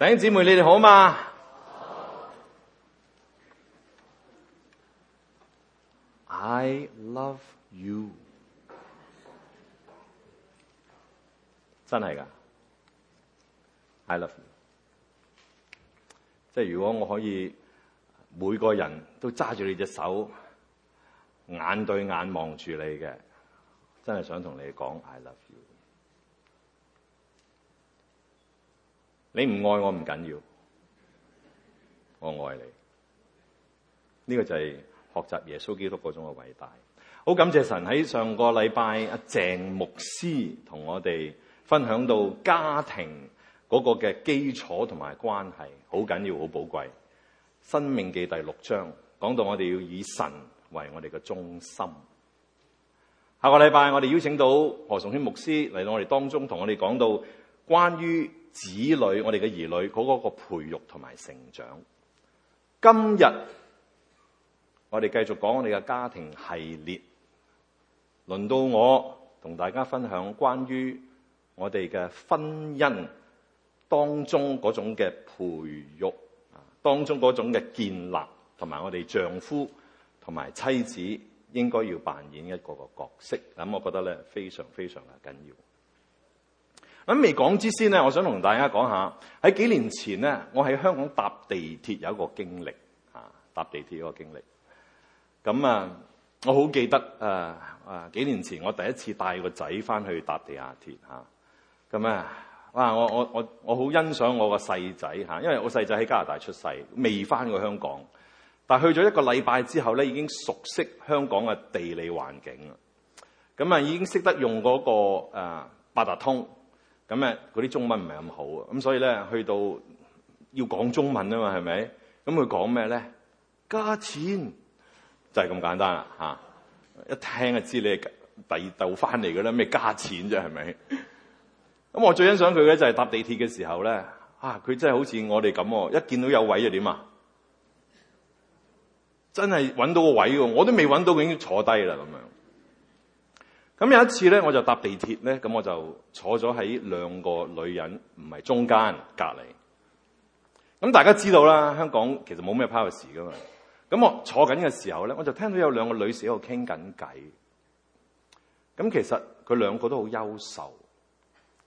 弟兄姊妹，你哋好嘛？好。I love you，真係㗎，I love you。即係如果我可以每個人都揸住你隻手，眼對眼望住你嘅，真係想同你講 I love you。你唔愛我唔緊要，我愛你。呢、這個就係學習耶穌基督嗰種嘅偉大。好感謝神喺上個禮拜阿、啊、鄭牧師同我哋分享到家庭嗰個嘅基礎同埋關係，好緊要，好寶貴。申命記第六章講到我哋要以神為我哋嘅中心。下個禮拜我哋邀請到何崇軒牧師嚟到我哋當中，同我哋講到。關於子女，我哋嘅兒女嗰個培育同埋成長。今日我哋繼續講我哋嘅家庭系列，輪到我同大家分享關於我哋嘅婚姻當中嗰種嘅培育啊，當中嗰種嘅建立同埋我哋丈夫同埋妻子應該要扮演一個個角色。咁我覺得咧，非常非常嘅緊要。咁未講之先呢，我想同大家講下喺幾年前呢，我喺香港搭地鐵有個經歷，搭地鐵嗰個經歷。咁、嗯、啊，我好記得啊啊、呃！幾年前我第一次帶個仔翻去搭地下鐵咁啊，哇、嗯嗯！我我我很賞，我好欣賞我個細仔，因為我細仔喺加拿大出世，未翻過香港，但去咗一個禮拜之後呢，已經熟悉香港嘅地理環境啦。咁、嗯、啊，已經識得用嗰、那個八達、呃、通。咁誒，嗰啲中文唔係咁好啊，咁所以咧，去到要講中文啊嘛，係咪？咁佢講咩咧？加錢就係、是、咁簡單啦，吓！一聽就知你係第二度翻嚟嘅啦，咩加錢啫，係咪？咁我最欣賞佢咧，就係搭地鐵嘅時候咧，啊，佢真係好似我哋咁喎，一見到有位就點啊？真係搵到個位喎，我都未搵到，已經坐低啦咁樣。咁有一次咧，我就搭地鐵咧，咁我就坐咗喺兩個女人唔係中間隔離。咁大家知道啦，香港其實冇咩 privacy 噶嘛。咁我坐緊嘅時候咧，我就聽到有兩個女士喺度傾緊偈。咁其實佢兩個都好優秀。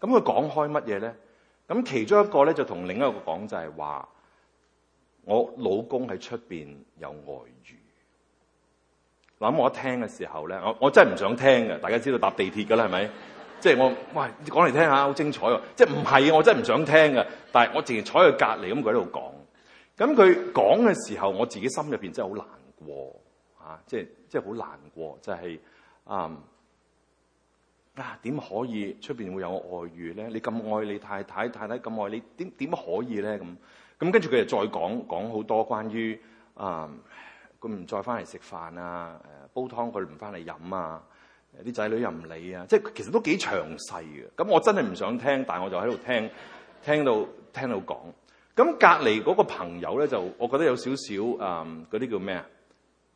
咁佢講開乜嘢咧？咁其中一個咧就同另一個講就係話：我老公喺出邊有外遇。諗我一聽嘅時候咧，我我真係唔想聽嘅。大家知道搭地鐵㗎啦，係咪？即 係我喂，講嚟聽下，好精彩喎！即係唔係我真係唔想聽嘅。但係我靜係坐喺佢隔離，咁佢喺度講。咁佢講嘅時候，我自己心入邊真係好難過，即係即係好難過，就係、是、啊、嗯！啊，點可以出邊會有個外遇咧？你咁愛你太太，太太咁愛你，點點可以咧？咁咁跟住佢就再講講好多關於啊～、嗯佢唔再翻嚟食飯啊！誒，煲湯佢唔翻嚟飲啊！啲仔女又唔理啊！即係其實都幾詳細嘅。咁我真係唔想聽，但係我就喺度聽，聽到聽到講。咁隔離嗰個朋友咧，就我覺得有少少啊，嗰、嗯、啲叫咩啊？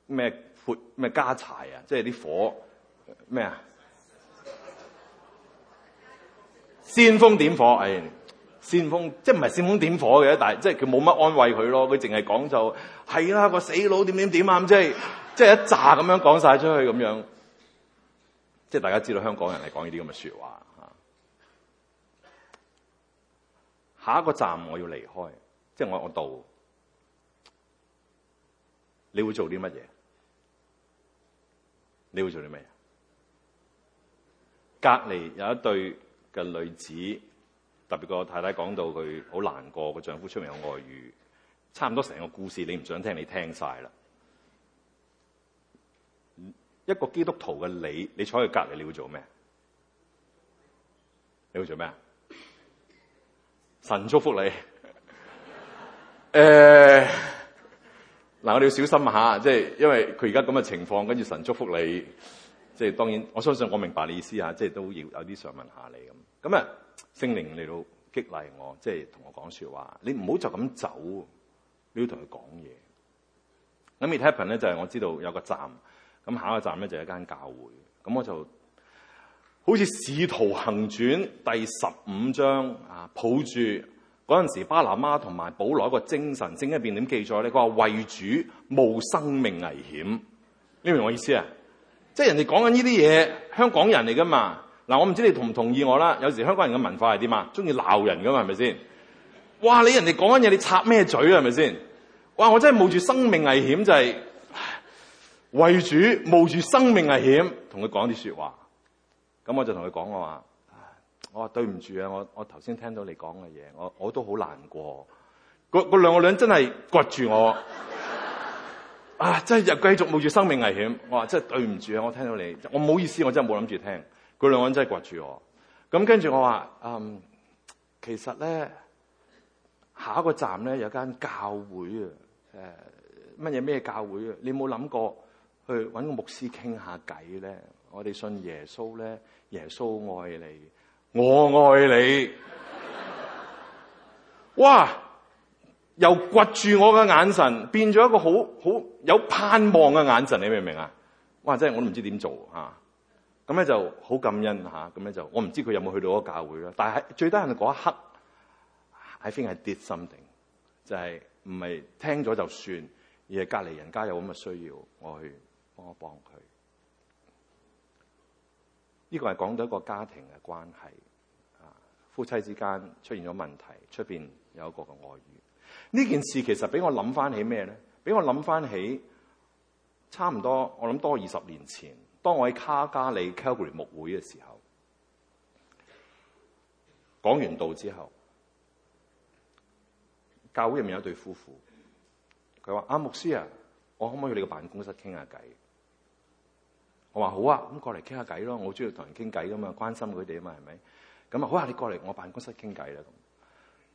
咩潑咩加柴啊？即係啲火咩啊？煽風點火，哎！煽風，即係唔係煽風點火嘅。但係即係佢冇乜安慰佢咯。佢淨係講就係啦，個死佬點點點啊！怎麼怎麼怎麼，即係即係一炸咁樣講曬出去咁樣，即係大家知道香港人係講呢啲咁嘅説話嚇。下一個站我要離開，即係我我到，你會做啲乜嘢？你會做啲咩？隔離有一對嘅女子。特別個太太講到佢好難過，個丈夫出面有外遇，差唔多成個故事你唔想聽，你聽晒啦。一個基督徒嘅你，你坐喺佢隔離，你會做咩？你會做咩？神祝福你。誒、 呃，嗱，我哋要小心一下，即係因為佢而家咁嘅情況，跟住神祝福你，即係當然，我相信我明白你意思吓，即係都要有啲想問下你咁，咁啊。聖靈嚟到激勵我，即係同我講說話。你唔好就咁走，你要同佢講嘢。咁 metropolitan 咧，就係我知道有個站，咁下一個站咧，就係一間教會。咁我就好似《使徒行傳》第十五章啊，抱住嗰陣時巴拿巴同埋保羅一個精神，正一邊點記載咧？佢話為主冒生命危險，你明唔明我意思啊？即係人哋講緊呢啲嘢，香港人嚟噶嘛？嗱，我唔知你同唔同意我啦。有時香港人嘅文化係點啊？中意鬧人噶嘛，係咪先？哇！你人哋講緊嘢，你插咩嘴啊？係咪先？哇！我真係冒住生命危險，就係、是、為主冒住生命危險同佢講啲説話。咁我就同佢講，我話，我話對唔住啊！我我頭先聽到你講嘅嘢，我我都好難過。嗰嗰兩個女人真係掘住我啊！真係又繼續冒住生命危險。我話真係對唔住啊！我聽到你，我唔好意思，我真係冇諗住聽。佢兩個人真係掘住我，咁跟住我話、嗯，其實咧下一個站咧有間教會啊，誒、呃，乜嘢咩教會啊？你冇諗過去搵個牧師傾下偈咧？我哋信耶穌咧，耶穌愛你，我愛你。 哇！又掘住我嘅眼神，變咗一個好好有盼望嘅眼神，你明唔明啊？哇！真係我都唔知點做、啊咁咧就好感恩吓，咁咧就我唔知佢有冇去到嗰個教會啦。但係最低人嗰一刻，I think 係 did something，就係唔係聽咗就算，而係隔離人家有咁嘅需要，我去幫一幫佢。呢個係講到一個家庭嘅關係啊，夫妻之間出現咗問題，出面有一個嘅外遇。呢件事其實俾我諗翻起咩咧？俾我諗翻起差唔多我諗多二十年前。當我喺卡加卡里 c a l g a r y 牧會嘅時候，講完道之後，教會入面有一對夫婦，佢話：阿、啊、牧師啊，我可唔可以去你個辦公室傾下偈？我話好啊，咁過嚟傾下偈咯，我好中意同人傾偈噶嘛，關心佢哋啊嘛，係咪？咁啊好啊，你過嚟我辦公室傾偈啦。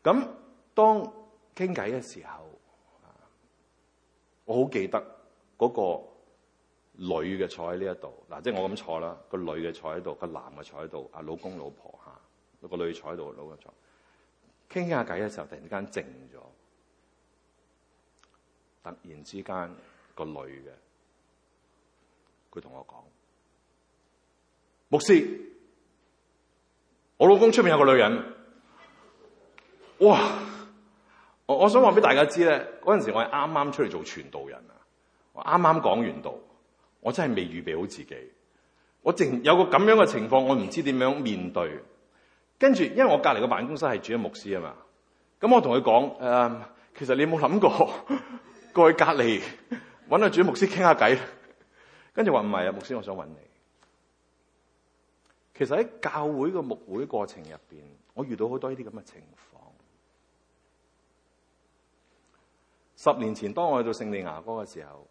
咁當傾偈嘅時候，我好記得嗰、那個。女嘅坐喺呢一度，嗱即係我咁坐啦。個女嘅坐喺度，個男嘅坐喺度。啊，老公老婆吓，個女坐喺度，老公坐。傾傾下偈嘅時候，突然間靜咗。突然之間，個女嘅佢同我講： 牧師，我老公出面有個女人。哇！我我想話俾大家知咧，嗰陣時我係啱啱出嚟做傳道人啊，我啱啱講完道。我真係未預備好自己，我淨有個咁樣嘅情況，我唔知點樣面對。跟住，因為我隔籬個辦公室係主理牧師啊嘛，咁我同佢講：誒、嗯，其實你有冇諗過過去隔籬搵個主理牧師傾下偈？跟住話唔係啊，牧師，我想搵你。其實喺教會嘅牧會過程入邊，我遇到好多呢啲咁嘅情況。十年前，當我去到聖地牙哥嘅時候。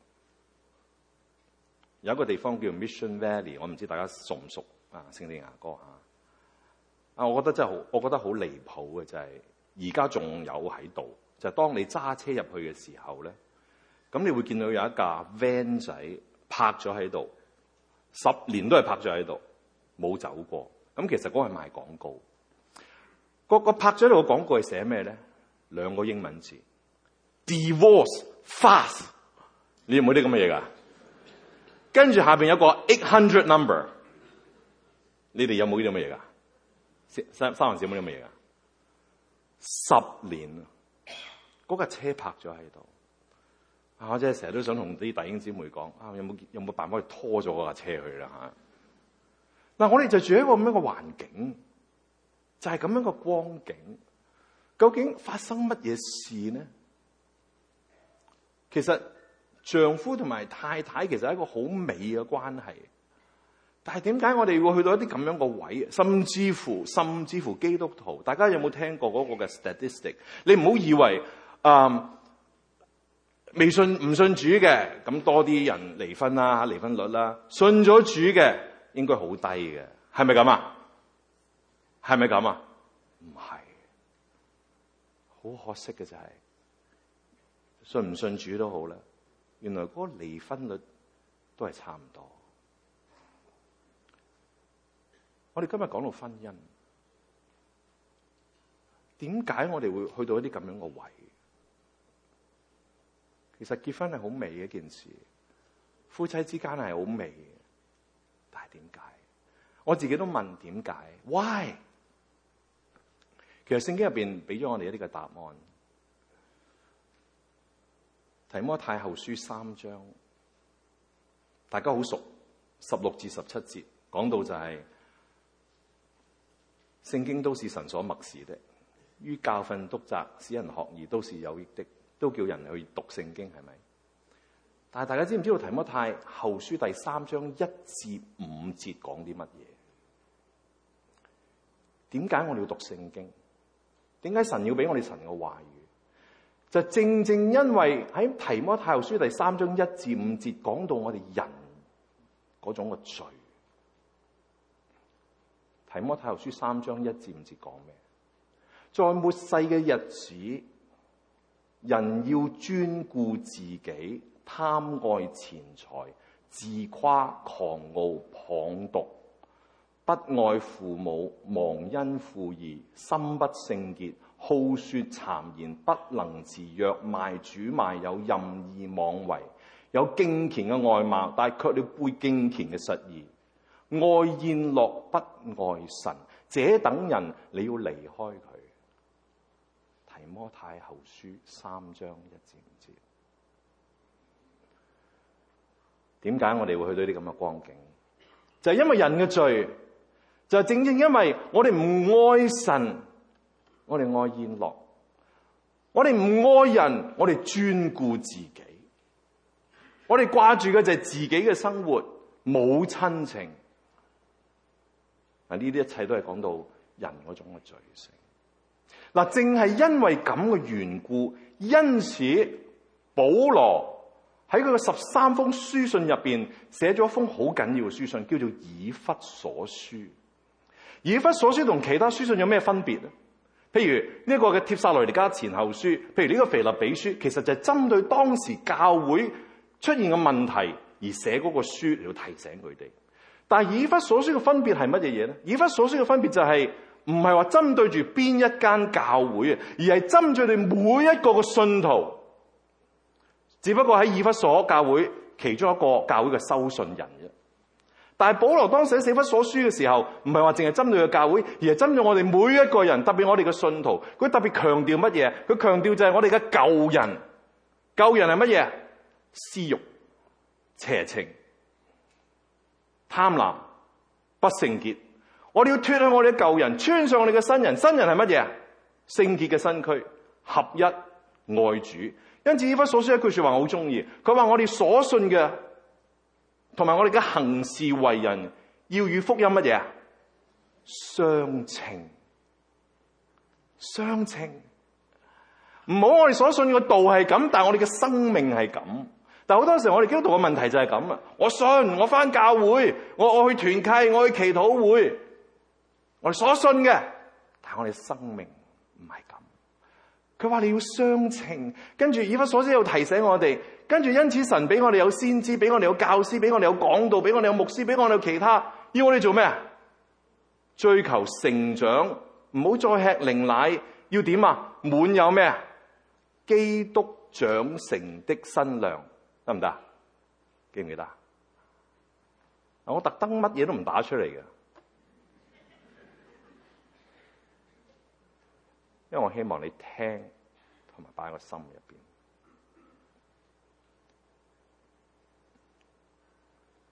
有一個地方叫 Mission Valley，我唔知大家熟唔熟啊？聖地牙哥啊，我覺得真係好，我覺得好離譜嘅就係，而家仲有喺度。就係就係、當你揸車入去嘅時候咧，咁你會見到有一架 van 仔泊咗喺度，十年都係泊咗喺度，冇走過。咁其實嗰係賣廣告。個、嗰個拍咗呢個廣告係寫咩咧？兩個英文字 Divorce Fast。你有冇啲咁嘅嘢㗎？跟住下邊有個 eight hundred number，你哋有冇呢啲乜嘢噶？三三小妹有乜嘢噶？十年啊，嗰架車泊咗喺度，我真係成日都想同啲弟兄姊妹講啊，有冇有冇辦法去拖咗嗰架車去啦吓？嗱、啊，我哋就住喺一個咁樣嘅環境，就係、是、咁樣嘅光景，究竟發生乜嘢事呢？其實。丈夫同埋太太其實係一個好美嘅關係，但係點解我哋會去到一啲咁樣嘅位？甚至乎，甚至乎基督徒，大家有冇聽過嗰個嘅 statistic？你唔好以為，嗯，未信唔信主嘅咁多啲人離婚啦，離婚率啦，信咗主嘅應該好低嘅，係咪咁啊？係咪咁啊？唔係，好可惜嘅就係、是、信唔信主都好啦。原來嗰個離婚率都係差唔多。我哋今日講到婚姻，點解我哋會去到一啲咁樣嘅位？其實結婚係好美嘅一件事，夫妻之間係好美嘅。但係點解？我自己都問點解？Why？其實聖經入邊俾咗我哋一啲嘅答案。提摩太後書三章，大家好熟。十六至十七節講到就係、是，聖經都是神所默示的，於教訓督責，使人學義都是有益的，都叫人去讀聖經，係咪？但係大家知唔知道提摩太後書第三章一至五節講啲乜嘢？點解我哋要讀聖經？點解神要俾我哋神嘅話語？就正正因為喺提摩太後書第三章一至五節講到我哋人嗰種嘅罪，提摩太後書三章一至五節講咩？在末世嘅日子，人要專顧自己，貪愛錢財，自誇狂傲，謗讟，不愛父母，忘恩負義，心不聖潔。好說讒言，不能自約；若賣主賣友，任意妄為，有敬虔嘅外貌，但係卻了背敬虔嘅實意，愛宴樂不愛神，這等人你要離開佢。提摩太後書三章一至五節，點解我哋會去到啲咁嘅光景？就係、是、因為人嘅罪，就係、是、正正因為我哋唔愛神。我哋愛宴樂，我哋唔愛人，我哋專顧自己，我哋掛住嘅就係自己嘅生活，冇親情。嗱，呢啲一切都係講到人嗰種嘅罪性。嗱，正係因為咁嘅緣故，因此保羅喺佢嘅十三封書信入邊寫咗一封好緊要嘅書信，叫做《以弗所書》。《以弗所書》同其他書信有咩分別咧？譬如呢個嘅帖撒羅尼迦前後書，譬如呢個腓立比書，其實就係針對當時教會出現嘅問題而寫嗰個書，嚟到提醒佢哋。但係以弗所書嘅分別係乜嘢嘢咧？以弗所書嘅分別就係唔係話針對住邊一間教會啊，而係針對你每一個嘅信徒。只不過喺以弗所教會其中一個教會嘅收信人啫。但係保羅當時寫《以弗所書》嘅時候，唔係話淨係針對個教會，而係針對我哋每一個人，特別我哋嘅信徒。佢特別強調乜嘢？佢強調就係我哋嘅舊人，舊人係乜嘢？私欲、邪情、貪婪、不聖潔。我哋要脫去我哋嘅舊人，穿上我哋嘅新人。新人係乜嘢？聖潔嘅身軀，合一愛主。因此《以弗所書》一句說話我好中意，佢話我哋所信嘅。同埋我哋嘅行事為人要與福音乜嘢啊？相稱，相稱。唔好我哋所信嘅道係咁，但係我哋嘅生命係咁。但係好多時候我哋基督徒嘅問題就係咁啊！我信，我返教會，我我去團契，我去祈禱會，我哋所信嘅，但係我哋生命唔係咁。佢話你要相稱，跟住以弗所書要提醒我哋。跟住，因此神俾我哋有先知，俾我哋有教師，俾我哋有講道，俾我哋有牧師，俾我哋有其他。要我哋做咩？追求成長，唔好再吃靈奶。要點啊？滿有咩？基督長成的身量，得唔得？記唔記得啊？我特登乜嘢都唔打出嚟嘅，因為我希望你聽，同埋擺喺我心入邊。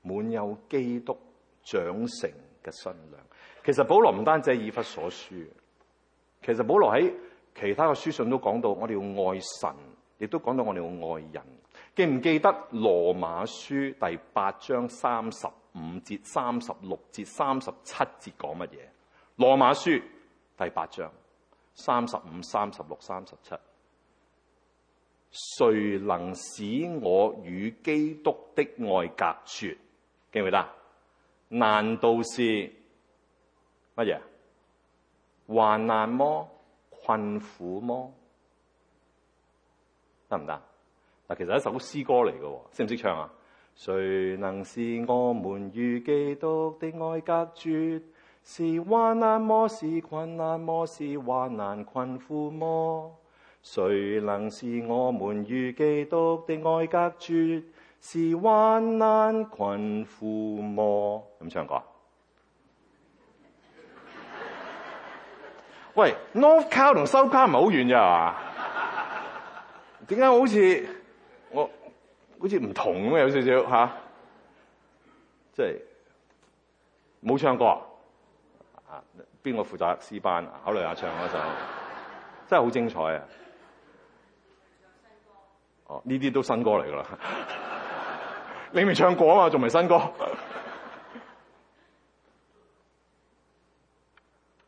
滿有基督長成嘅新娘。其實保羅唔單止係以弗所書，其實保羅喺其他嘅書信都講到，我哋要愛神，亦都講到我哋要愛人。記唔記得羅馬書第八章三十五節、三十六節、三十七節講乜嘢？羅馬書第八章三十五、三十六、三十七，誰能使我與基督的愛隔絕？記唔記得？難道是乜嘢？患難麼、困苦麼，得唔得？嗱，其實是一首詩歌嚟嘅，識唔識唱啊？誰能使我們與基督的愛隔絕？是患難麼，是困難麼，是患難困苦麼。誰能使我們與基督的愛隔絕？是患難困苦魔，有冇唱歌？喂，North Cow 同 South Cow 唔係好遠咋係嘛？點解好似我好似唔同咁啊？有少少吓，即係冇唱歌？啊？邊、就、個、是、負責師班？考慮下唱嗰首，真係好精彩啊！ 哦，呢啲都新歌嚟噶啦～ 你未唱過啊嘛，仲未新歌。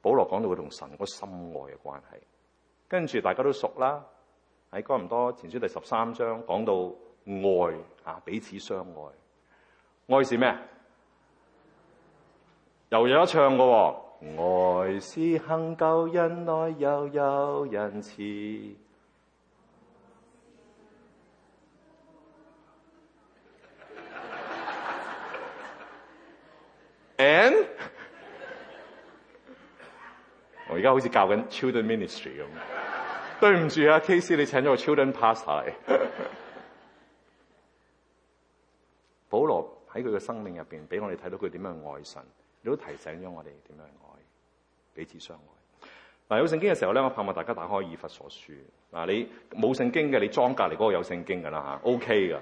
保羅講到佢同神嗰深愛嘅關係，跟住大家都熟啦。喺哥林多前書第十三章講到愛啊，彼此相愛。愛是咩？又有得唱嘅、哦， 愛是恆久忍耐又有仁慈。and 我而家好似教緊 children ministry 咁、啊。對唔住啊，K C，你請咗個 children pastor 嚟。 保羅喺佢嘅生命入面俾我哋睇到佢點樣愛神。你都提醒咗我哋點樣愛彼此相愛嗱、啊。有聖經嘅時候咧，我盼望大家打開以弗所書嗱、啊。你冇聖經嘅，你裝隔離嗰個有聖經噶啦 o k 噶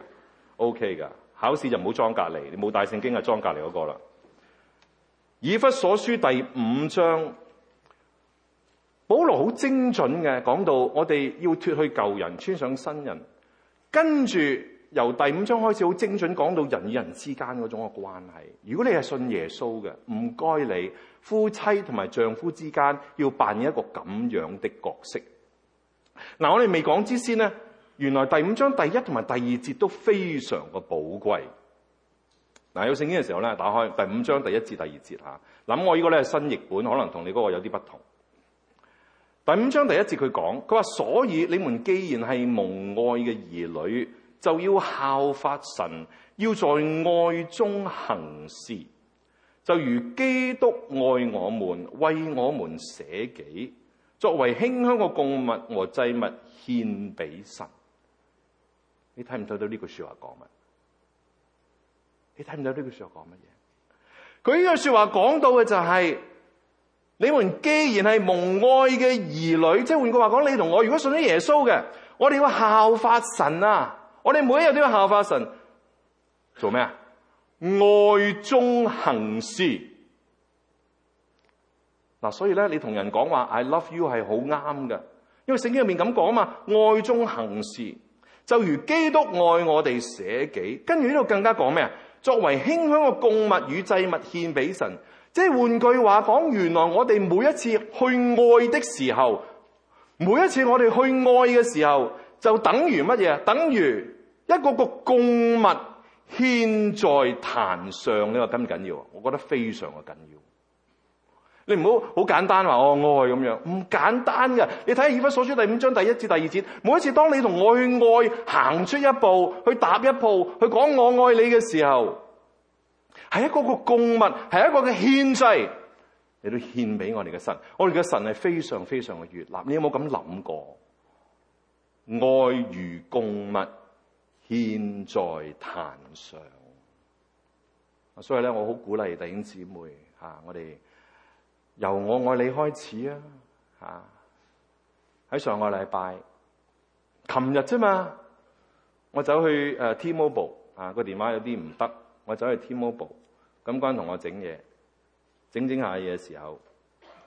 ，OK 噶、OK。考試就唔好裝隔離，你冇帶聖經就裝隔離嗰個啦。以弗所書第五章，保羅好精準嘅講到，我哋要脫去舊人，穿上新人。跟住由第五章開始，好精準講到人與人之間嗰種嘅關係。如果你係信耶穌嘅，唔該你夫妻同埋丈夫之間要扮演一個咁樣的角色。嗱，我哋未講之先呢，原來第五章第一同埋第二節都非常嘅寶貴。嗱，有聖經嘅時候咧，打開第五章第一節、第二節吓。咁我呢個咧係新譯本，可能同你嗰個有啲不同。第五章第一節佢講，佢話：所以你們既然係蒙愛嘅兒女，就要效法神，要在愛中行事，就如基督愛我們，為我們捨己，作為馨香嘅供物和祭物獻俾神。你睇唔睇到呢句話說話講乜？你睇唔到呢句說話講乜嘢？佢呢句說話講到嘅就係：你們既然係蒙愛嘅兒女，即係換句話講，你同我如果信咗耶穌嘅，我哋要效法神啊！我哋每一日都要效法神做咩啊？愛中行事嗱啊，所以咧，你同人講話，I love you 係好啱㗎，因為聖經入面咁講啊嘛，愛中行事就如基督愛我哋，捨己，跟住呢度更加講咩啊？作為馨香嘅供物與祭物獻俾神，即係換句話講，原來我哋每一次去愛的時候，每一次我哋去愛嘅時候，就等於乜嘢？等於一個個供物獻在壇上。呢個緊唔緊要？我覺得非常嘅緊要。你唔好好簡單話我愛咁樣唔簡單㗎。你睇下《以弗所書》第五章第一至第二節，每一次當你同我去愛行出一步，去踏一步，去講我愛你嘅時候，係一個嘅供物，係一個嘅獻祭，你都獻俾我哋嘅神，我哋嘅神係非常非常嘅悅納。嗱，你有冇咁諗過？愛如供物，獻在壇上。所以咧，我好鼓勵弟兄姊妹吓，我哋。由我愛你開始啊！啊，喺上個禮拜，琴日啫嘛，我走去誒 T-Mobile 啊，個電話有啲唔得，我走去 T-Mobile，咁關同我整嘢，整整下嘢嘅時候，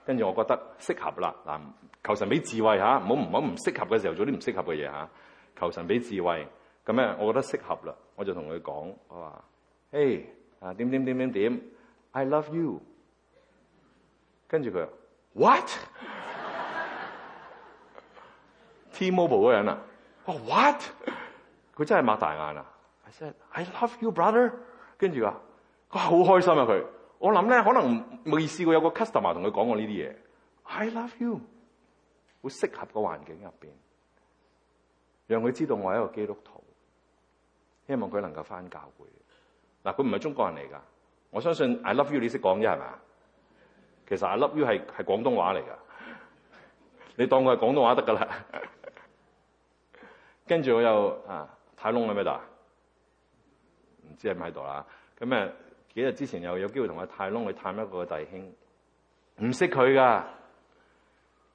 跟住我覺得適合啦嗱，求神俾智慧吓，唔好唔好唔適合嘅時候做啲唔適合嘅嘢吓，求神俾智慧，咁啊我覺得適合啦，我就同佢講我話，嘿、hey, 啊點點點點點，I love you。跟住佢話：What？T-Mobile 嗰人啊，我、oh, what？佢真係擘大眼啊！I said I love you, brother。跟住啊，佢好開心啊！佢我諗咧，可能未試過有個 customer 同佢講過呢啲嘢。I love you，好適合個環境入邊，讓佢知道我係一個基督徒，希望佢能夠返教會。嗱，佢唔係中國人嚟㗎，我相信 I love you 你識講啫，係嘛？其實阿粒魚係廣東話嚟噶， 你當佢係廣東話得噶啦。跟 住我又啊，泰隆喺咪度啊？唔知喺咪度啦。咁啊，幾日之前又有機會同阿泰隆去探一個弟兄，唔識佢噶。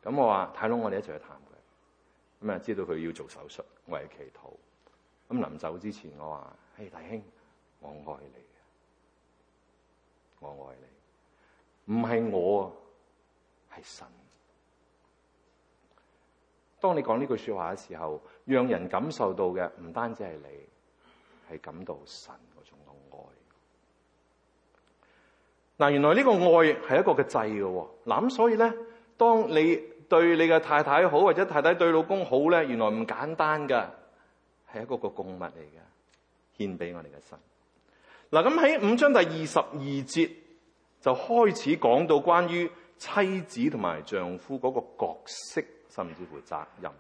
咁我話：泰隆，我哋一齊去探佢。咁啊，知道佢要做手術，我係祈禱。咁臨走之前，我話：嘿，弟兄，我愛你，我愛你。唔係我，係神。當你講呢句說話嘅時候，讓人感受到嘅唔單止係你，係感到神嗰種嘅愛。嗱，原來呢個愛係一個嘅祭嘅，咁所以咧，當你對你嘅太太好，或者太太對老公好咧，原來唔簡單噶，係一個一個供物嚟嘅，獻俾我哋嘅神。嗱，咁喺五章第二十二節。就開始講到關於妻子同埋丈夫嗰個角色，甚至乎責任，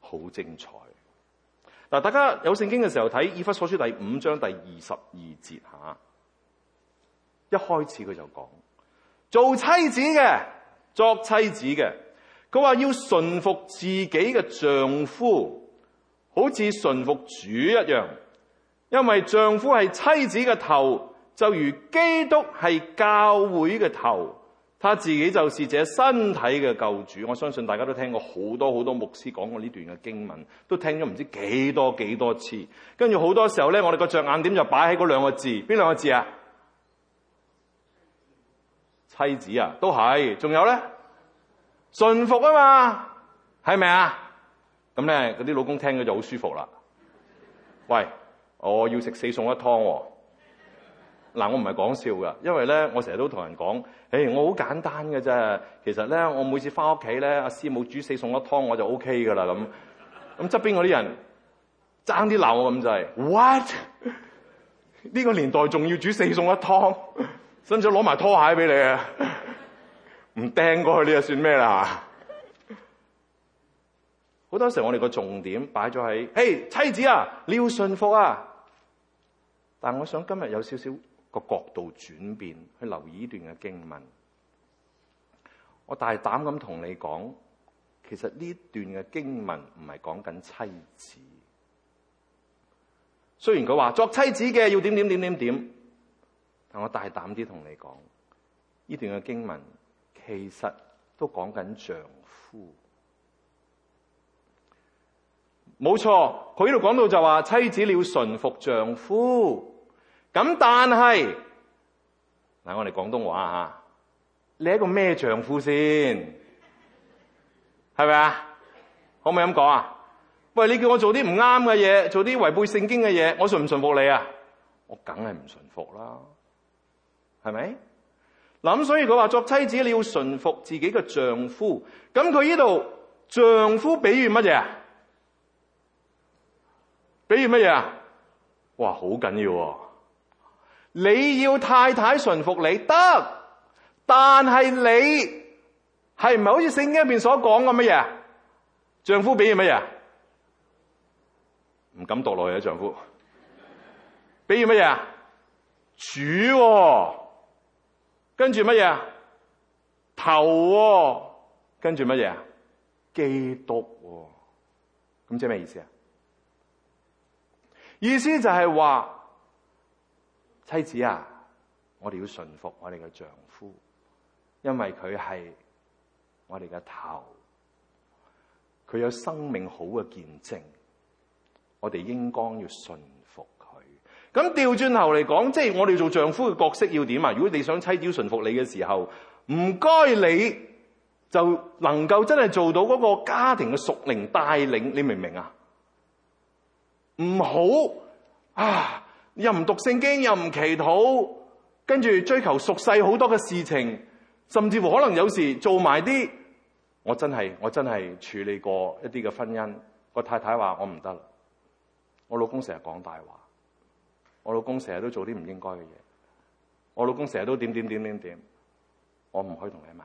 好精彩。嗱，大家有聖經嘅時候睇《以弗所書》第五章第二十二節吓，一開始佢就講做妻子嘅、作妻子嘅，佢話要順服自己嘅丈夫，好似順服主一樣，因為丈夫係妻子嘅頭。就如基督係教會嘅頭，他自己就是這身體嘅救主。我相信大家都聽過好多好多牧師講過呢段嘅經文，都聽咗唔知幾多幾多次。跟住好多時候咧，我哋個着眼點就擺喺嗰兩個字，邊兩個字啊？妻子啊，都係。仲有咧，順服啊嘛，係咪啊？咁咧，嗰啲老公聽咗就好舒服啦。喂，我要食四餸一湯喎啊。嗱，我唔係講笑噶，因為咧，我成日都同人講，誒，我好簡單㗎啫。其實咧，我每次翻屋企咧，阿師母煮四餸一湯，我就 OK 㗎啦咁。咁側邊嗰啲人爭啲鬧我咁滯：「What？呢個年代仲要煮四餸一湯，使唔使攞埋拖鞋俾你啊？唔 掟過去你就算咩啦？好多時候我哋個重點擺咗喺，誒、hey，妻子啊，你要順服啊。但我想今日有少少個角度轉變，去留意呢段嘅經文。我大膽咁同你講，其實呢段嘅經文唔係講緊妻子。雖然佢話作妻子嘅要點點點點點，但我大膽啲同你講，呢段嘅經文其實都講緊丈夫。冇錯，佢呢度講到就話妻子你要順服丈夫。咁但係嗱，我哋廣東話啊，你一個咩丈夫先，係咪啊？可唔可以咁講啊？喂，你叫我做啲唔啱嘅嘢，做啲違背聖經嘅嘢，我信唔信服你啊？我梗係唔信服啦，係咪？嗱，咁，所以佢話作妻子你要順服自己嘅丈夫。咁佢呢度丈夫比喻乜嘢？比喻乜嘢啊？哇，好緊要啊。你要太太順服你得，但係你係唔係好似聖經入邊所講嘅乜嘢？丈夫俾嘅乜嘢？唔敢讀落去呀？丈夫俾嘅乜嘢？主喎，跟住乜嘢？頭喎，跟住乜嘢？基督喎。咁即係咩意思啊？意思就係話。妻子啊，我哋要順服我哋嘅丈夫，因為佢係我哋嘅頭，佢有生命好嘅見證，我哋應該要順服佢。咁調轉頭嚟講，即係我哋做丈夫嘅角色要點啊？如果你想妻子要順服你嘅時候，唔該你就能夠真係做到嗰個家庭嘅屬靈帶領，你明唔明啊？唔好啊！又唔讀聖經，又唔祈禱，跟住追求俗世好多嘅事情，甚至乎可能有時做埋啲，我真係我真係處理過一啲嘅婚姻，個太太話我唔得啦，我老公成日講大話，我老公成日都做啲唔應該嘅嘢，我老公成日都點點點點點，我唔可以同你喺埋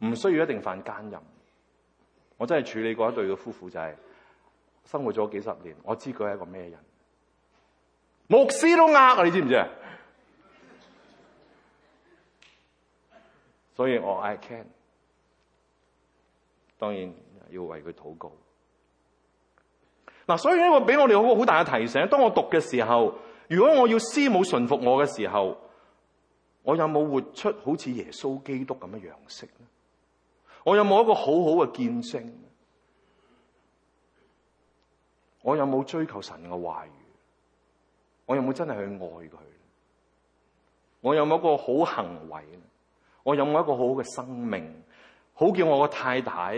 一齊，唔需要一定犯奸淫，我真係處理過一對嘅夫婦就係生活咗幾十年，我知佢係一個咩人。牧師都呃啊，你知唔知啊？所以我 I can，當然要為佢禱告。嗱，所以呢個俾我哋好個好大嘅提醒。當我讀嘅時候，如果我要師母順服我嘅時候，我有冇活出好似耶穌基督咁嘅樣式呢？我有冇一個好好嘅見證？我有冇追求神嘅話我有冇真係去愛佢？我有冇一個好行為咧？我有冇一個好嘅生命？好叫我嘅太太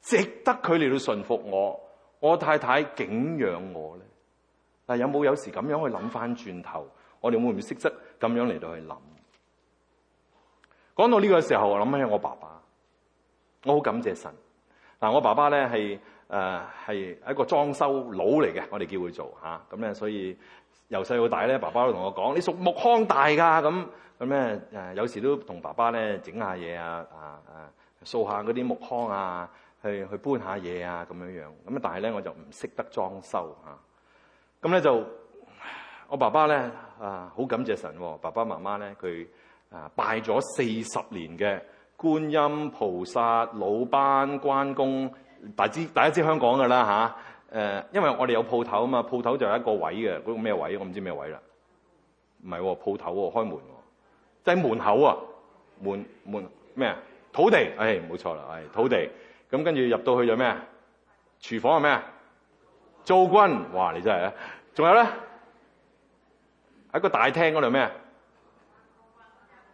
值得佢嚟到順服我，我太太敬仰我咧？但有冇有，有時咁樣去諗翻轉頭？我哋會唔會識得咁樣嚟到去諗？講到呢個時候，我諗起我爸爸，我好感謝神。但我爸爸咧係誒係一個裝修佬嚟嘅，我哋叫佢做吓咁咧，所以。由細到大咧，爸爸都同我講，你屬木糠大噶咁咁誒，有時都同爸爸咧整下嘢啊啊啊，掃、啊、下嗰啲木糠啊，去去搬下嘢啊咁樣樣。咁但係咧，我就唔識得裝修啊。咁咧就我爸爸咧啊，好感謝神、啊。爸爸媽媽咧，佢啊拜咗四十年嘅觀音菩薩、魯班、關公，大知大家知香港噶啦吓誒、呃，因為我哋有鋪頭啊嘛，鋪頭就有一個位嘅，嗰個咩位？我唔知咩位啦，唔係喎，鋪頭、啊、喎，開門喎、啊，就喺、是、門口啊，門門咩啊？土地，哎，冇錯啦、哎，土地，咁跟住入到去就咩啊？廚房係咩啊？灶君，哇！你真係咧，仲有咧喺個大廳嗰度咩啊？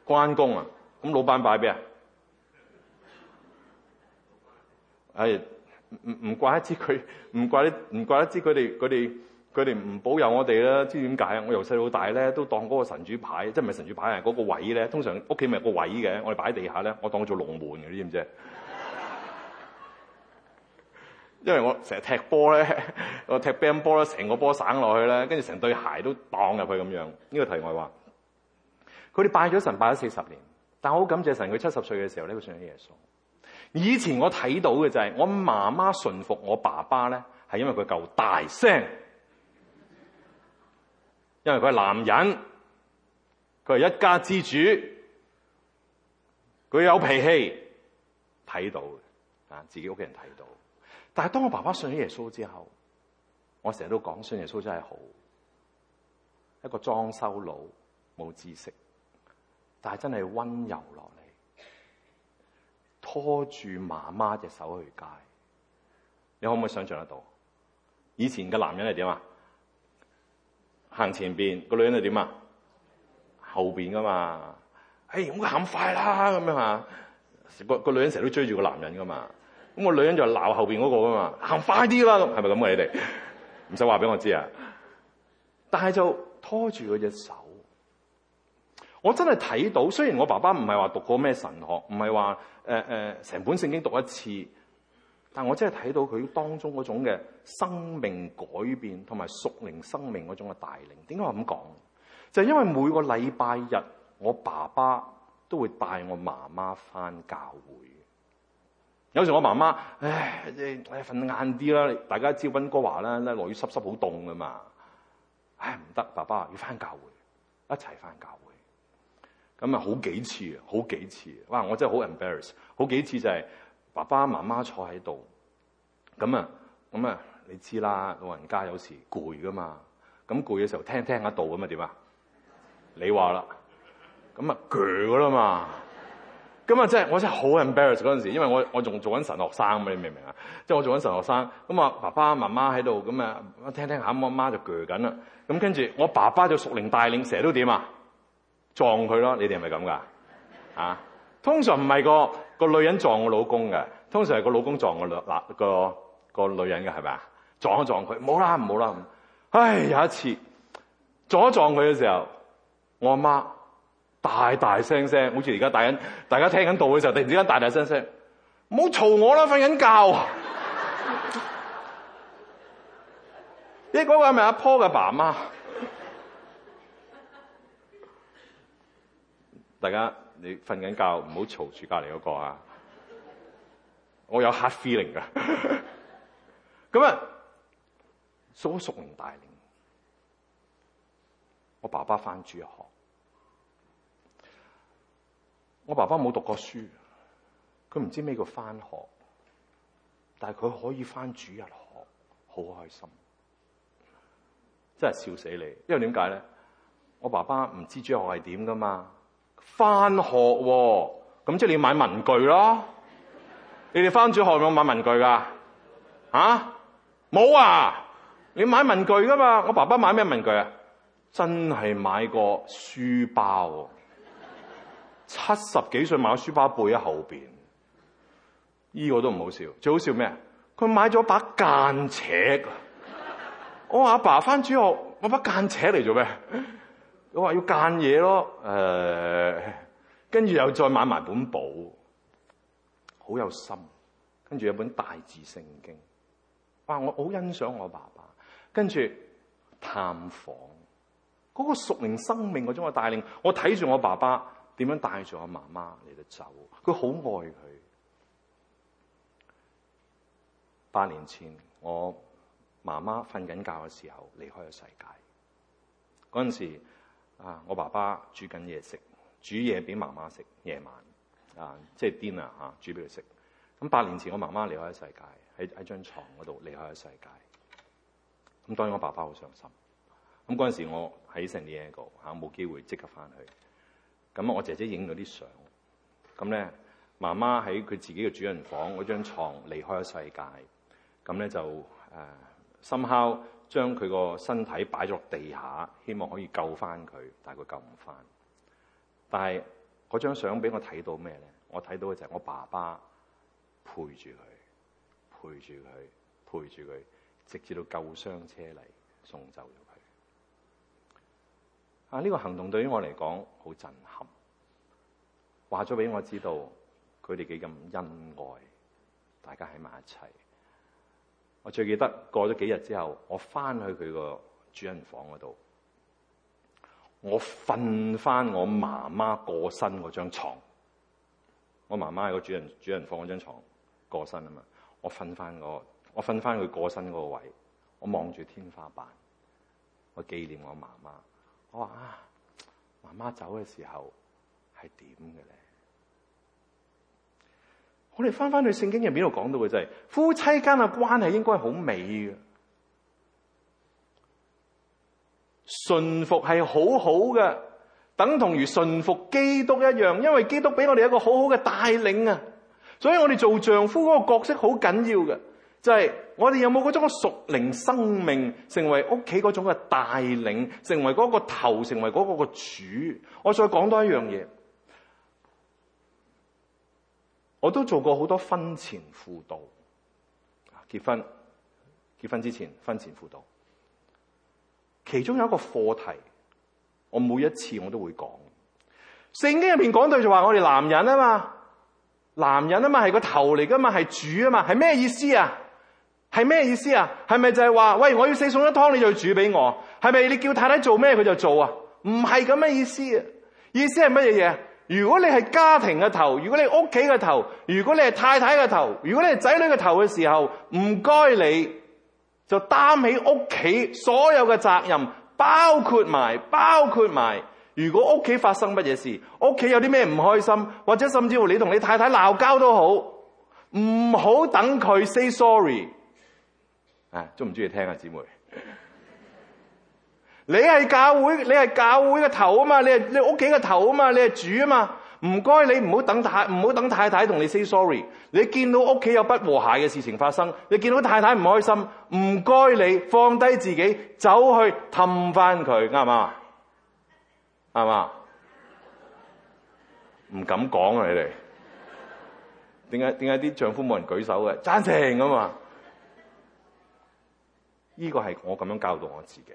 關公啊，咁老闆擺俾啊，哎唔唔怪得知佢唔怪唔怪得知佢哋佢哋佢哋唔保佑我哋啦！知點解啊？我由細到大咧都當嗰個神主牌，即係唔係神主牌係嗰個位咧，通常屋企咪個位嘅，我哋擺喺地下咧，我當做龍門嘅，你知唔知？因為我成日踢波咧，我踢兵波啦，成個波散落去呢，跟住成對鞋都當入去咁樣。呢個題外話，佢哋拜咗神拜咗四十年，但我好感謝神，佢七十歲嘅時候呢，佢信咗耶穌。以前我睇到嘅就係我媽媽順服我爸爸咧，係因為佢夠大聲，因為佢係男人，佢係一家之主，佢有脾氣，睇到啊，自己屋企人睇到。但係當我爸爸信咗耶穌之後，我成日都講信耶穌真係好，一個裝修佬冇知識，但係真係溫柔咯。.拖住媽媽隻手去街，你可唔可以想象得到？以前嘅男人係點啊？行前邊個，個女人係點啊？後邊噶嘛？哎，咁行快啦，咁樣啊？個個女人成日都追住個男人噶嘛？咁個女人就鬧後邊個噶嘛？行快啲啦，咁係咪咁啊？你哋唔使話俾我知啊？但係就拖住佢隻手。我真係睇到，雖然我爸爸唔係話讀過咩神學，唔係話誒誒成本聖經讀一次，但我真係睇到佢當中嗰種嘅生命改變，同埋屬靈生命嗰種嘅帶領。點解我咁講？就係因為每個禮拜日，我爸爸都會帶我媽媽翻教會。有時我媽媽，唉，你瞓晏啲啦，大家知溫哥華咧落雨濕濕好凍噶嘛。唉，唔得，爸爸要翻教會，一齊翻教會。咁啊，好幾次，好幾次，哇！我真係好 embarrass，好幾次就係爸爸媽媽坐喺度，咁啊，咁啊，你知啦，老人家有時攰噶嘛，咁攰嘅時候聽聽下度咁啊點啊？你話啦，咁啊鋸啦嘛，咁啊真係我真係好 embarrass 嗰陣時，因為我我仲做緊神學生啊嘛，你明唔明啊？即係我做緊神學生，咁啊爸爸媽媽喺度咁啊，我聽聽下，我阿媽就鋸緊啦，咁跟住我爸爸就熟練帶領，蛇都點啊？撞佢咯，你哋係咪咁噶？啊，通常唔係個個女人撞我老公嘅，通常係個老公撞我女嗱個個，個女人嘅，係咪啊？撞一撞佢，冇啦唔好啦，唉！有一次撞一撞佢嘅時候，我阿媽大大聲聲，好似而家大緊，大家聽緊道嘅時候，突然之間大大聲聲，唔好嘈我啦，瞓緊覺。你 嗰 個係咪阿婆嘅爸媽？大家你瞓緊覺，唔好嘈住隔離嗰個啊！我有 hard feeling 噶，咁 啊，祖叔年大年，我爸爸翻主日學，我爸爸冇讀過書，佢唔知咩叫翻學，但係佢可以翻主日學，好開心，真係笑死你！因為點解咧？我爸爸唔知主日學係點噶嘛？翻學喎、啊，咁即係你要買文具咯。你哋翻住學有冇買文具噶？嚇、啊，冇啊！你買文具噶嘛？我爸爸買咩文具啊？真係買個書包、啊，七十幾歲買個書包背喺後邊。依、這個都唔好笑。最好笑咩？佢買咗把間尺啊！我阿爸翻住學，我把間尺嚟做咩？佢話要間嘢咯，誒、呃，跟住又再買埋本簿，好有心。跟住有本大字聖經，哇！我好欣賞我爸爸。跟住探訪嗰、嗰個屬靈生命嗰種嘅帶領，我睇住我爸爸點樣帶住我媽媽嚟到走，佢好愛佢。八年前，我媽媽瞓緊覺嘅時候離開咗世界嗰陣時。啊！我爸爸煮緊嘢食，煮嘢俾媽媽食夜晚。啊、就是，即係 dinner 啦嚇，煮俾佢食。咁八年前我媽媽離開咗世界，喺喺張床嗰度離開咗世界。咁當然我爸爸好傷心。咁嗰陣時我喺聖尼古度，冇機會即刻翻去。咁我姐姐影咗啲相。咁咧，媽媽喺佢自己嘅主人房嗰張床離開咗世界。咁咧就誒深宵。呃將佢個身體擺咗落地下，希望可以救翻佢，但係佢救唔翻。但係嗰張相俾我睇到咩咧？我睇到嘅就係我爸爸陪住佢，陪住佢，陪住佢，直至到救傷車嚟，送走咗佢。啊！呢個行動對於我嚟講好震撼，話咗俾我知道佢哋幾咁恩愛，大家喺埋一齊。我最記得過咗幾日之後，我翻去佢個主人房嗰度，我瞓翻我媽媽過身嗰張牀。我媽媽係個主人，主人房嗰張牀過身啊嘛。我瞓翻我，我瞓翻佢過身嗰位。我望住天花板，我紀念我媽媽。我話啊，媽媽走嘅時候係點嘅咧？我哋翻翻去聖經入邊度講到嘅就係夫妻間嘅關係應該係好美嘅，順服係好好嘅，等同於順服基督一樣，因為基督俾我哋一個好好嘅帶領啊！所以我哋做丈夫嗰個角色好緊要嘅，就係我哋有冇嗰種屬靈生命，成為屋企嗰種嘅帶領，成為嗰個頭，成為嗰個個主。我再講多一樣嘢。我都做過好多婚前輔導，結婚，結婚之前，婚前輔導，其中有一個課題，我每一次我都會講。聖經入邊講到就話我哋男人啊嘛，男人啊嘛係個頭嚟噶嘛係煮啊嘛係咩意思啊？係咩意思啊？係咪就係話，喂，我要四餸一湯你就煮俾我？係咪你叫太太做咩佢就做啊？唔係咁嘅意思啊？意思係乜嘢嘢？如果你係家庭嘅頭，如果你屋企嘅頭，如果你係太太嘅頭，如果你係仔女嘅頭嘅時候，唔該你就擔起屋企所有嘅責任，包括埋，包括埋。如果屋企發生乜嘢事，屋企有啲咩唔開心，或者甚至乎你同你太太鬧交都好，唔好等佢 say sorry。啊，中唔中意聽啊，姊妹？你係教會，你係教會嘅頭啊嘛，你係你屋企嘅頭啊嘛，你係主啊嘛，唔該你唔好等太唔好等太太同你 say sorry。你見到屋企有不和諧嘅事情發生，你見到太太唔開心，唔該你放低自己，走去氹翻佢，啱唔啱啊？啱嘛？唔敢講啊，你哋點解點解啲丈夫冇人舉手嘅？贊成啊嘛？呢個係我咁樣教導我自己。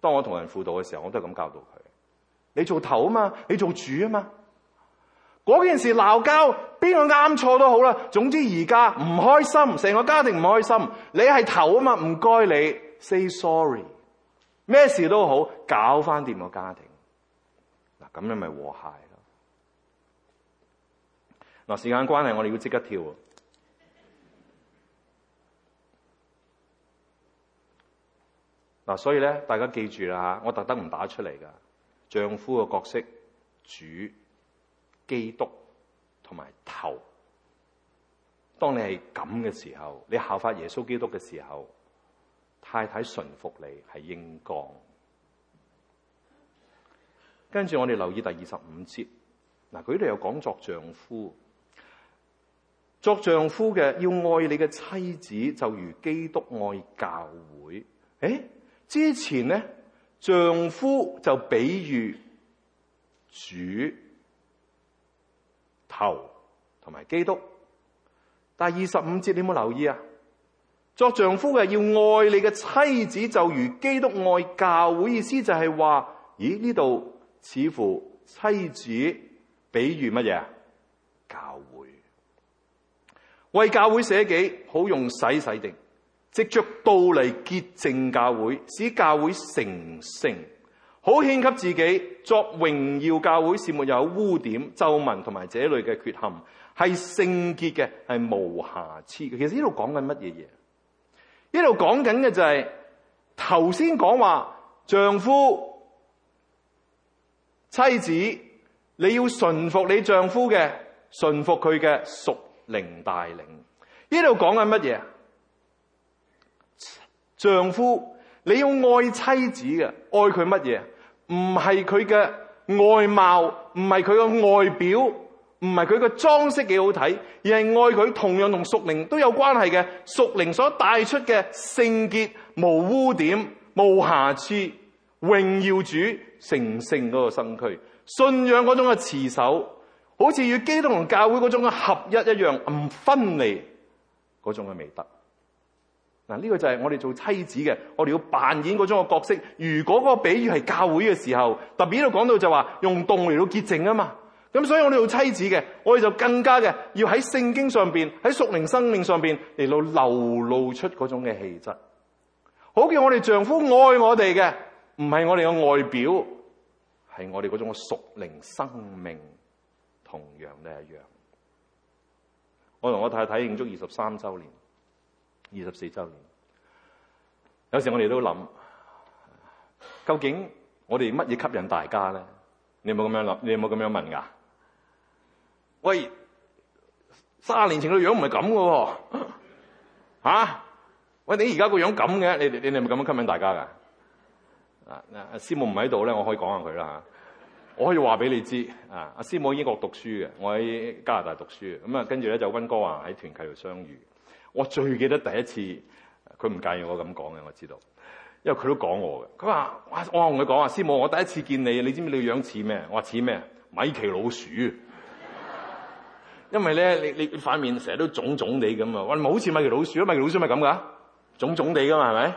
當我同人輔導嘅時候，我都係咁教導佢：你做頭啊嘛，你做主啊嘛，嗰件事鬧交，邊個啱錯都好啦。總之而家唔開心，成個家庭唔開心，你係頭啊嘛，唔該你 say sorry，咩事都好，搞翻掂個家庭。嗱，咁樣咪和諧咯。嗱，時間關係，我哋要即刻跳啊！嗱，所以咧，大家記住啦吓，我特登唔打出嚟噶。丈夫嘅角色，主基督同埋頭。當你係咁嘅時候，你效法耶穌基督嘅時候，太太順服你係應該。跟住我哋留意第二十五節，嗱，佢呢度又講作丈夫，作丈夫嘅要愛你嘅妻子，就如基督愛教會。誒？之前咧，丈夫就比喻主頭同埋基督。第二十五節你有冇留意啊？作丈夫嘅要愛你嘅妻子，就如基督愛教會。意思就係話，咦？呢度似乎妻子比喻乜嘢？啊，教會為教會捨己，好用洗洗定。藉着道嚟潔淨教會，使教會成聖，好獻給自己作榮耀教會，是沒有污點、皺紋同埋這類嘅缺陷，係聖潔嘅，係無瑕疵嘅。其實呢度講緊乜嘢嘢？呢度講緊嘅就係頭先講話，丈夫妻子你要順服你丈夫嘅，順服佢嘅屬靈帶領。呢度講緊乜嘢？丈夫，你要愛妻子嘅，愛佢乜嘢？唔係佢嘅外貌，唔係佢嘅外表，唔係佢嘅裝飾幾好睇，而係愛佢同樣同屬靈都有關係嘅屬靈所帶出嘅聖潔、無污點、無瑕疵、榮耀主、成聖個身軀、信仰嗰種嘅持守，好似與基督同教會嗰種嘅合一一樣，唔分離嗰種嘅美德。嗱，呢個就係我哋做妻子嘅，我哋要扮演嗰種嘅角色。如果嗰個比喻係教會嘅時候，特別呢度講到就話用動嚟到潔淨啊嘛。咁所以我哋做妻子嘅，我哋就更加嘅要喺聖經上邊，喺屬靈生命上邊嚟到流露出嗰種嘅氣質。好叫我哋丈夫愛我哋嘅，唔係我哋嘅外表，係我哋嗰種嘅屬靈生命同樣都一樣。我同我太太慶祝二十三周年。二十四周年，有時我哋都諗，究竟我哋乜嘢吸引大家咧？你有冇咁樣諗？你有冇咁樣問噶？喂，卅年前個樣唔係咁嘅喎，嚇！喂，你而家個樣咁嘅，你你哋係咪咁樣吸引大家噶？啊，阿師母唔喺度咧，我可以講下佢啦嚇。我可以話俾你知，啊，阿師母英國讀書嘅，我喺加拿大讀書，咁啊，跟住咧就溫哥華喺團契度相遇。我最記得第一次，佢唔介意我咁講嘅，我知道，因為佢都講我嘅。佢話：我同佢講話師母，我第一次見你，你知唔知你個樣似咩？我話似咩？米奇老鼠。 因為咧，你你塊面成日都腫腫哋咁啊！唔係好似米奇老鼠啊，米奇老鼠咪咁噶，腫腫哋噶嘛，係咪？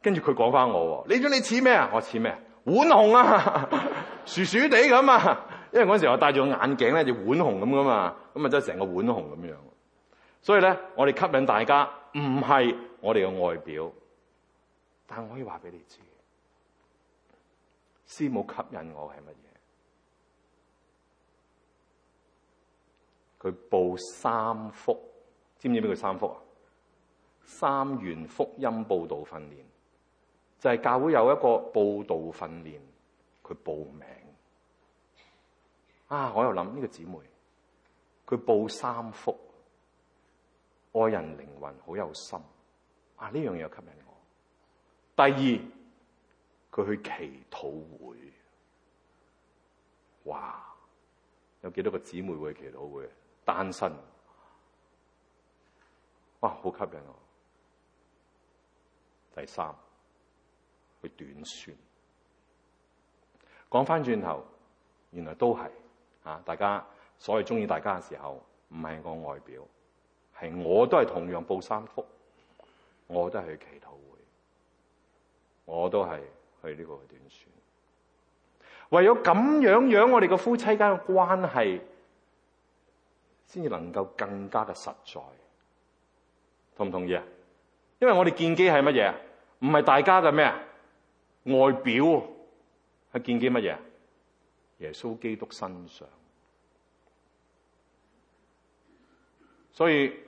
跟住佢講翻我你你你似咩啊？我似咩？碗紅啊，薯薯哋咁啊！因為嗰陣時我戴住個眼鏡咧，就碗紅咁噶嘛，咁啊，真係成個碗紅咁樣。所以咧，我哋吸引大家唔係我哋嘅外表，但係我可以話俾你知，師母吸引我係乜嘢？佢報三福，知唔知咩叫三福啊？三元福音佈道訓練就係、是、教會有一個佈道訓練，佢報名。啊，我又諗呢、這個姊妹，佢報三福。愛人靈魂好有心啊！呢樣嘢吸引我。第二，佢去祈禱會，哇，有幾多個姊妹會祈禱會，單身，哇，好吸引我。第三，佢短宣。講返轉頭，原來都係啊！大家所謂中意大家嘅時候，唔係我外表。係我都係同樣報三福，我都係去祈禱會，我都係去呢個短宣。唯有咁樣樣，我哋嘅夫妻間嘅關係，先至能夠更加嘅實在，同唔同意啊？因為我哋建基係乜嘢？唔係大家嘅咩？外表係建基乜嘢？耶穌基督身上，所以。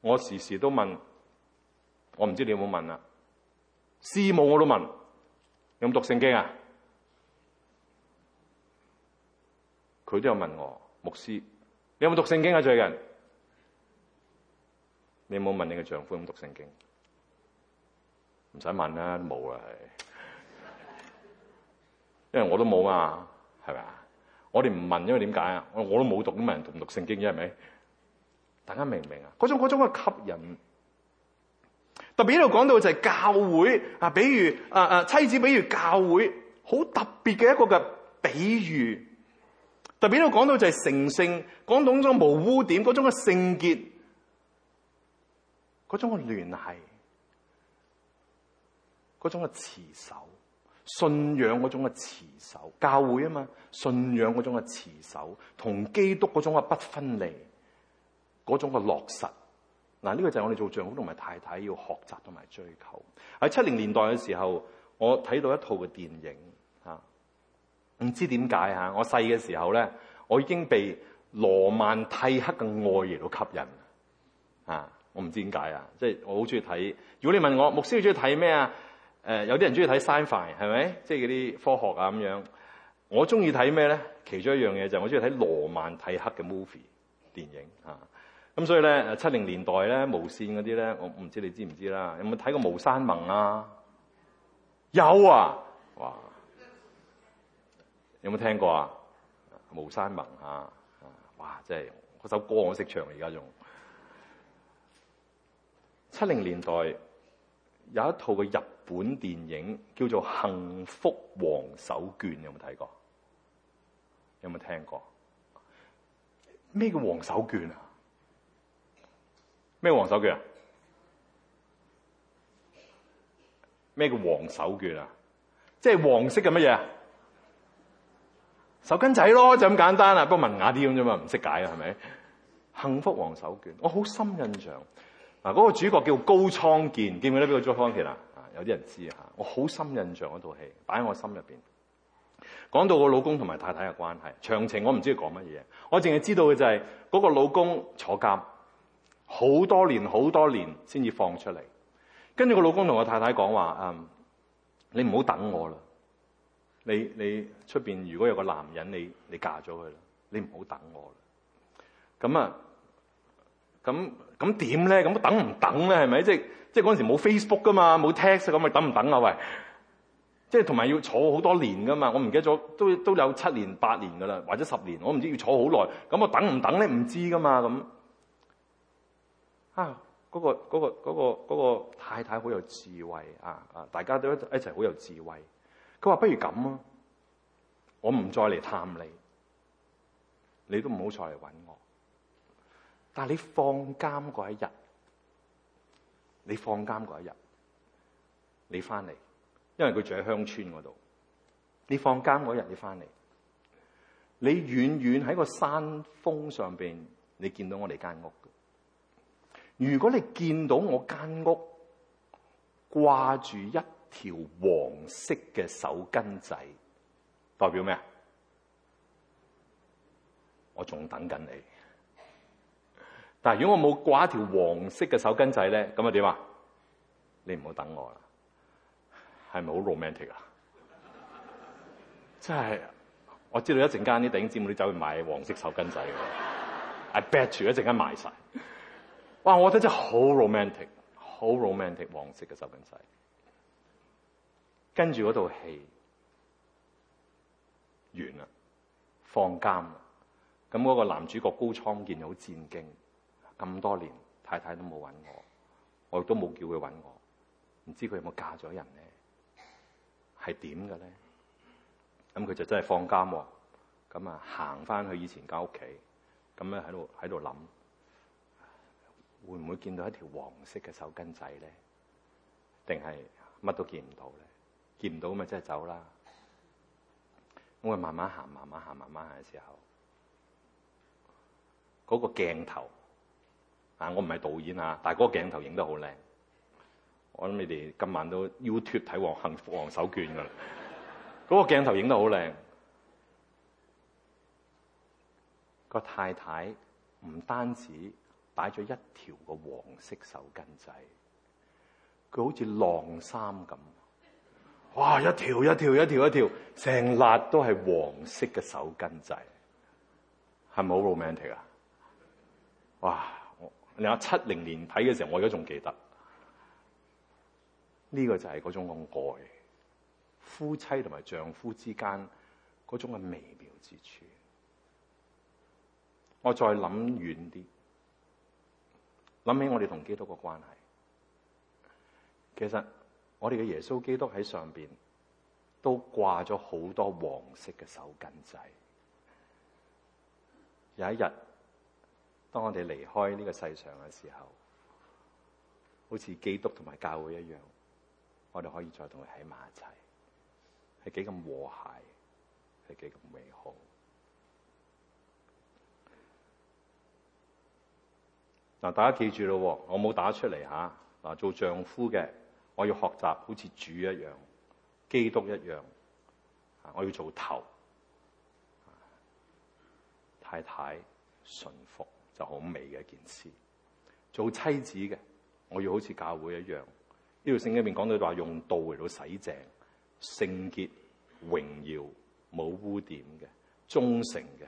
我時時都問，我唔知你有冇問啊？師母我都問，有冇讀聖經啊？佢都有問我牧師，你有冇讀聖經啊？最近你有冇問你嘅丈夫有冇讀聖經？唔使問啦，冇啊，因為我都冇啊，係咪啊？我哋唔問，因為點解啊？我都冇讀，咁人讀唔讀聖經啫？係咪？大家明唔明啊？嗰種嗰種嘅吸引，特別呢度講到就係教會啊，比如啊啊、呃、妻子，比如教會，好特別嘅一個嘅比喻。特別呢度講到就係聖性，講到嗰種無污點，嗰種嘅聖潔，嗰種嘅聯繫，嗰種嘅持守，信仰嗰種嘅持守，教會啊嘛，信仰嗰種嘅持守，同基督嗰種嘅不分離。嗰種嘅落實嗱，呢個就係我哋做丈夫同埋太太要學習同埋追求。喺七零年代嘅時候，我睇到一套嘅電影嚇，唔知點解嚇。我細嘅時候咧，我已經被羅曼蒂克嘅愛嚟到吸引啊！我唔知點解啊，即係我好中意睇。如果你問我，牧師你中意睇咩啊？誒、呃，有啲人中意睇 science 係咪？即係嗰啲科學啊咁樣。我中意睇咩咧？其中一樣嘢就係我中意睇羅曼蒂克嘅 movie 電影啊。咁所以咧，七零年代咧，無綫嗰啲咧，我唔知你知唔知啦？有冇睇過《巫山盟》啊？有啊！哇！有冇聽過啊？《巫山盟》啊！啊！哇！真係嗰首歌我識唱，而家仲七零年代有一套嘅日本電影叫做《幸福黃手絹》，有冇睇過？有冇聽過？咩叫黃手絹啊？咩黃手絹啊？咩叫黃手絹啊？即係黃色嘅乜嘢？手巾仔咯，就咁簡單啦。不過文雅啲咁啫嘛，唔識解啊，係咪？幸福黃手絹，我好深印象。嗱，嗰個主角叫高倉健，記唔記得邊個高倉健啊？有啲人知啊。我好深印象嗰套戲，擺喺我心入邊。講到我老公同埋太太嘅關係，詳情我唔知佢講乜嘢，我淨係知道嘅就係嗰個老公坐監。好多年，好多年先至放出嚟。跟住個老公同個太太講話：嗯，你唔好等我啦。你你出邊，如果有個男人，你你嫁咗佢啦。你唔好等我啦。咁啊，咁咁點咧？咁等唔等咧？係咪？即即嗰陣時冇 Facebook 噶嘛，冇 text 咁咪等唔等啊？喂，即係同埋要坐好多年噶嘛。我唔記得咗，都都有七年八年噶啦，或者十年。我唔知要坐好耐。咁我等唔等咧？唔知噶嘛咁。啊！嗰個、嗰個、嗰個、嗰個太太好有智慧啊啊！大家都一一齊好有智慧。佢話，不如咁啊，我唔再嚟探你，你都唔好再嚟揾我。但係你放監一日，你放監一日，你翻嚟，因為佢住喺鄉村度。你放監嗰日，你翻嚟，你遠遠喺個山峰上邊，你見到我哋間屋的。如果你見到我間屋掛住一條黃色嘅手巾仔，代表咩？我仲等緊你。但係如果我冇掛一條黃色嘅手巾仔咧，咁啊點啊？你唔好等我啦，係咪好 romantic 啊？真係，我知道一陣間啲頂尖姊妹走去買黃色手巾仔，I bet you 一陣間賣晒。哇！我覺得真係好 romantic，好 romantic，黃色嘅手巾仔。跟住嗰套戲完啦，放監啦。咁嗰個男主角高倉健好戰驚，咁多年太太都冇揾我，我亦都冇叫佢揾我，唔知佢有冇嫁咗人咧，係點嘅咧？咁佢就真係放監喎，咁啊行翻去以前間屋企，咁樣喺度喺度諗。會唔會見到一條黃色嘅手巾仔咧？定係乜都見唔到咧？見唔到咪即係走啦！我哋慢慢行，慢慢行，慢慢行嘅時候，嗰個鏡頭啊，我唔係導演啊，但係嗰個鏡頭影得好靚。我諗你哋今晚都 YouTube 睇《王幸福王手卷》噶啦。嗰個鏡頭影得好靚，個太太唔單止。擺咗一條個黃色手巾仔，佢好似晾衫咁。哇！一條一條一條一條，成笪都係黃色嘅手巾仔，係咪好 romantic 啊？哇！我你話七零年睇嘅時候，我而家仲記得呢、這個就係嗰種愛，夫妻同埋丈夫之間嗰種嘅微妙之處。我再諗遠啲。諗起我哋同基督嘅關係，其實我哋嘅耶穌基督喺上邊都掛咗好多黃色嘅手巾仔。有一日，當我哋離開呢個世上嘅時候，好似基督同埋教會一樣，我哋可以再同佢喺埋一齊，係幾咁和諧，係幾咁美好。嗱，大家記住咯，我冇打出嚟嚇。嗱、啊，做丈夫嘅，我要學習好似主一樣，基督一樣。我要做頭，啊、太太順服就好美嘅一件事。做妻子嘅，我要好似教會一樣。呢條聖經入面講到話，用道嚟到洗淨、聖潔、榮耀、冇污點嘅、忠誠嘅。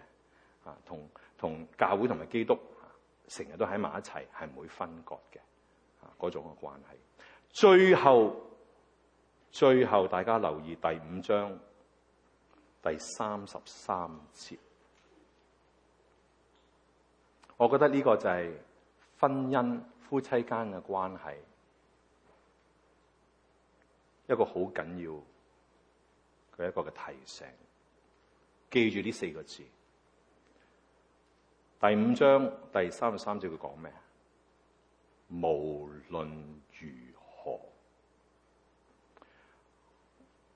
啊，同同教會同埋基督。成日都喺埋一齊，係唔會分割嘅，啊嗰種嘅關係。最後，最後大家留意第五章第三十三節。我覺得呢個就係婚姻夫妻間嘅關係，一個好緊要，佢一個嘅提醒，記住呢四個字。第五章第三十三節佢講咩？無論如何，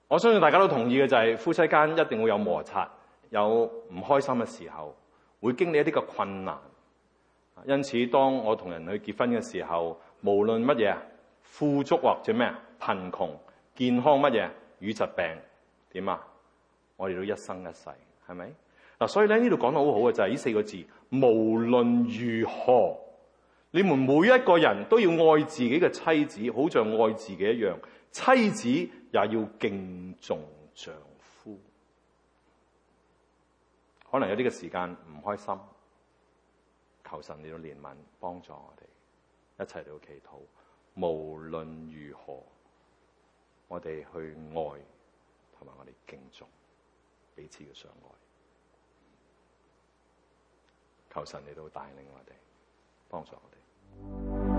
我相信大家都同意嘅就係，夫妻間一定會有摩擦，有唔開心嘅時候，會經歷一啲嘅困難。因此，當我同人去結婚嘅時候，無論乜嘢富足或者咩貧窮，健康乜嘢與疾病點啊，我哋都一生一世，係咪？嗱，所以咧，呢度講得好好嘅就係呢四個字，無論如何，你們每一個人都要愛自己嘅妻子，好像愛自己一樣，妻子也要敬重丈夫。可能有呢個時間唔開心，求神你要憐憫幫助我哋，一齊到祈禱。無論如何，我哋去愛同埋我哋敬重彼此嘅相愛。求神你都會帶領我哋，幫助我哋。